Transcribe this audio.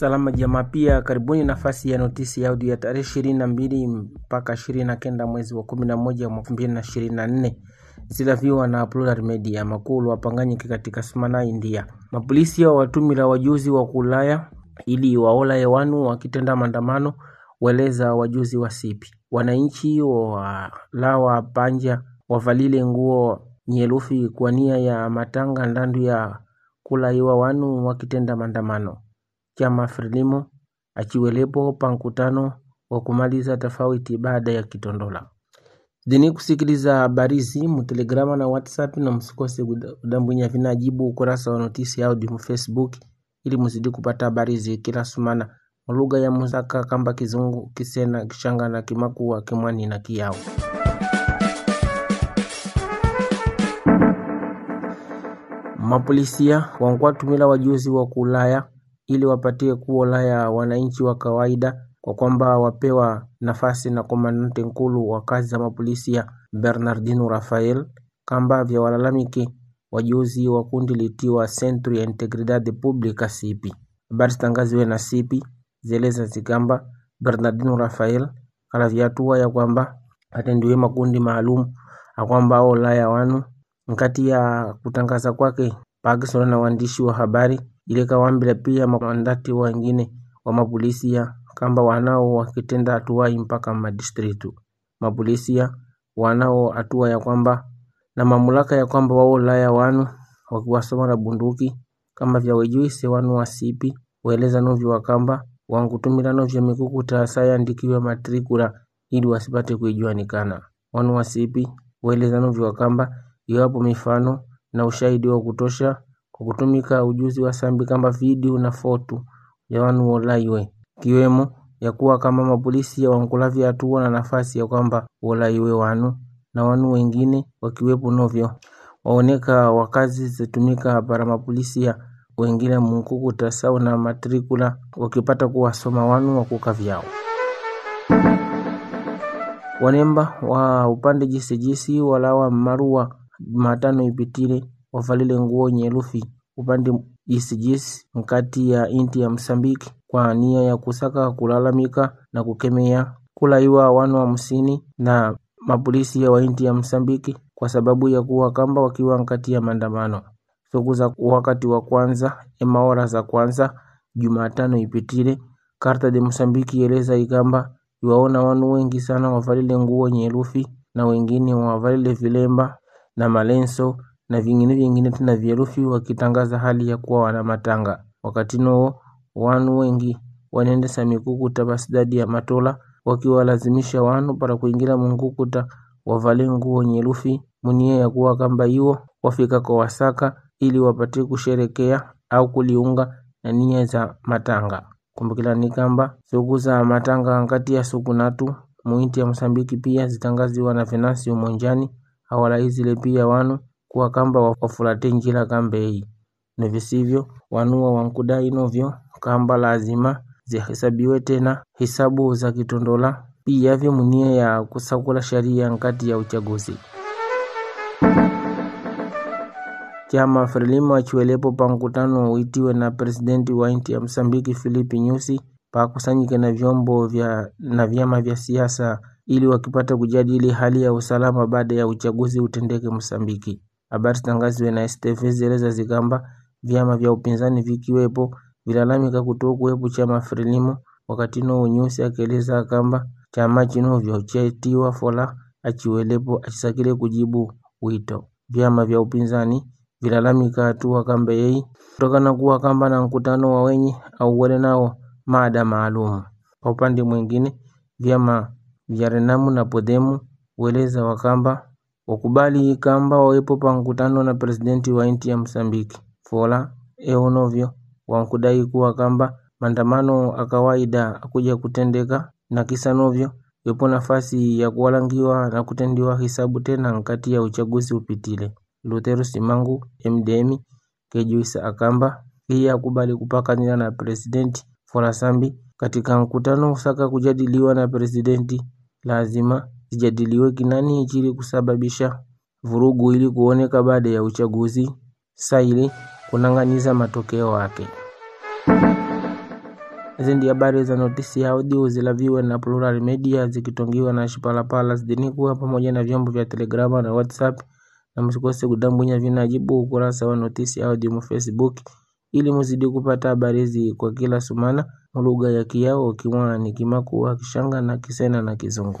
Salama jamaa, pia karibuni nafasi ya notisi ya audio ya tarehe ishirini na mbili mpaka ishirini na kenda mwezi wa kumi na moja mwaka mbili na ishirini na nne zilaviwa na Plural Media. Makulu wapanganyike katika Smana, India. Mapolisi wawatumila wajuzi wa kulaya ili waola wanu wakitenda maandamano, weleza wajuzi wa sipi. Wananchi walawa panja wavalile nguo nyelufi kwa nia ya matanga ndandu ya kulaiwa wanu wakitenda maandamano chama Frelimo akiwelepo pa mkutano wa kumaliza tofauti baada ya kitondola dheni kusikiliza habarizi Telegrama na whatsapp na msikose kudambwinya vinajibu ukurasa wa notisi au dimu facebook ili muzidi kupata habarizi kila sumana lugha ya muzaka kamba kizungu kisena kishanga na kimakuwa kimwani na kiyao mapolisia wankwatumila wajuzi wa kulaya ili wapatie kuo la wananchi wa kawaida kwa kwamba wapewa nafasi na komandante nkulu wa kazi za mapolisi ya Bernardino Rafael kamba vya walalamiki wajuzi wa kundi litiwa Centro ya Integridade Publica CP. Habari zitangaziwe na CP zieleza zikamba Bernardino Rafael kalavyatua ya kwamba atendiwe makundi maalum akwamba ola ya wanu nkati ya kutangaza kwake pakisona na waandishi wa habari Ileka wambile pia mandati wengine wa mapulisiya kamba wanao wakitenda atuwayi mpaka madistritu mapulisiya wanao atuwa ya kwamba na mamulaka ya kwamba wao laya wanu wakiwasoma na bunduki kama vya wejuise wanu wasipi weleza novyo wakamba wangutumila novyo taasaya ndikiwe matrikula ili wasipate kuijuanikana wanu wasipi weleza novyo wakamba iwapo mifano na ushahidi wa kutosha kwa kutumika ujuzi wa sambi kama video na foto ya olaiwe kiwemo ya kuwa kama mapolisi ya wankulavya hatuwa na nafasi ya kwamba wolaiwe wanu na wanu wengine wakiwepo novyo waoneka wakazi zitumika para mapolisia wengine munkukuta sau na matrikula wakipata kuwasoma wanu wakuka vyao wanemba wa upande jisijisi walawa marua Jumatano ipitile wavalile nguo nyelufi upande isijisi nkati ya inti ya Msambiki kwa nia ya kusaka kulalamika na kukemea kulaiwa wanu hamsini na mapolisi wa inti ya Msambiki kwa sababu ya kuwa kamba wakiwa nkati ya maandamano. Siku za wakati wa kwanza emaora za kwanza Jumatano ipitile karta de Msambiki eleza ikamba iwaona wanu wengi sana wavalile nguo nyerufi na wengine wavalile vilemba na malenso na vingine vingine tena vierufi wakitangaza hali ya kuwa matanga wakati noo wanu wengi wanendesa mikukuta basidadi ya matola wakiwalazimisha wanu para kuingira mungukuta wavale nguo nyerufi munie ya kuwa kamba iwo wafika kwa wasaka ili wapate kusherekea au kuliunga na nia za matanga kumbukilani kamba suku za matanga ngati ya suku natu muinti ya Msambiki pia zitangaziwa na Umonjani awala hawalaizile pia wanu kuwa kamba wafulate njila kambe eyi ne visivyo wanuwa wankudai novyo kamba lazima zihesabiwe tena hisabu za kitondola piyavyo munia ya kusakula sharia nkati ya uchaguzi chama Frelimo achiwelepo pa mkutano uitiwe na presidenti wa inti ya Msambiki Filipi Nyusi pakusanyike na vyombo vya na vyama vya siasa ili wakipata kujadili hali ya usalama baada ya uchaguzi utendeke Msambiki. Habari Tangazo na STV zieleza zikamba vyama vya upinzani vikiwepo vilalamika kuwepo chama Frelimo wakati no unyusi akeleza akamba chama chino vyochetiwa fola achiwelepo achisakile kujibu wito. Vyama vya upinzani vilalamika hatua kamba yei kutokana kuwa kamba na mkutano wa wenye au wale nao mada maalum Kwa upande mwingine, vyama vya Renamu na Podemu weleza wakamba Wakubali kamba wawepo pa mkutano na Presidenti wa inti ya msambiki Fora Eonovyo wankudai kuwa kamba mandamano akawaida akuja kutendeka na kisa novyo yopo nafasi ya kuwalangiwa na kutendiwa hisabu tena nkati ya uchaguzi upitile. Lutero Simangu MDM kejuisa akamba hiyi akubali kupakanila na Presidenti Fola Sambi katika mkutano usaka kujadiliwa na Presidenti lazima zijadiliwe kinani chili kusababisha vurugu ili kuoneka baada ya uchaguzi saili kunang'aniza matokeo yake. Hizi ndi habari za notisi ya audio zilaviwe na Plural Media zikitongiwa na Shipalapala zidinikuwa pamoja na vyombo vya Telegrama na WhatsApp, na msikose kudambunya vinajibu ukurasa wa notisi audio mu Facebook ili muzidi kupata habari hizi kwa kila sumana mulugha ya Kiao, Kimwani, Kimakua, Kishanga na Kisena na Kizungu.